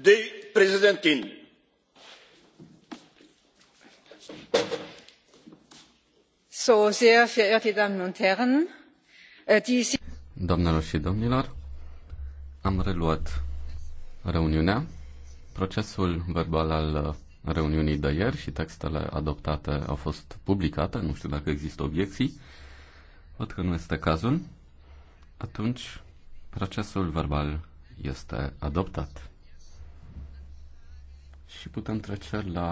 de äh, Doamnelor și domnilor, am reluat reuniunea. Procesul verbal al reuniunii de ieri și textele adoptate au fost publicate. Nu știu dacă există obiecții. Văd că nu este cazul. Atunci, procesul verbal este adoptat și putem trece la